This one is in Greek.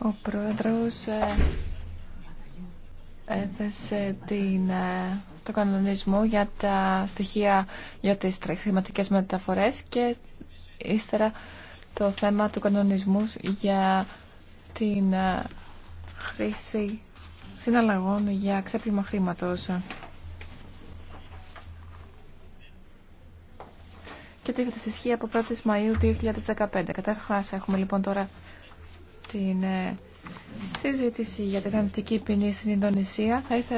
Ο Πρόεδρος ε, έθεσε την, ε, το κανονισμό για τα στοιχεία για τις χρηματικές μεταφορές και ύστερα το θέμα του κανονισμού για την ε, χρήση συναλλαγών για ξέπλυμα χρήματος. Και το ισχυει απο από 1η Μαΐου 2015. Καταρχάς έχουμε λοιπόν τώρα την ε, συζήτηση για τη θανατική ποινή στην Ινδονησία. Θα ήθελα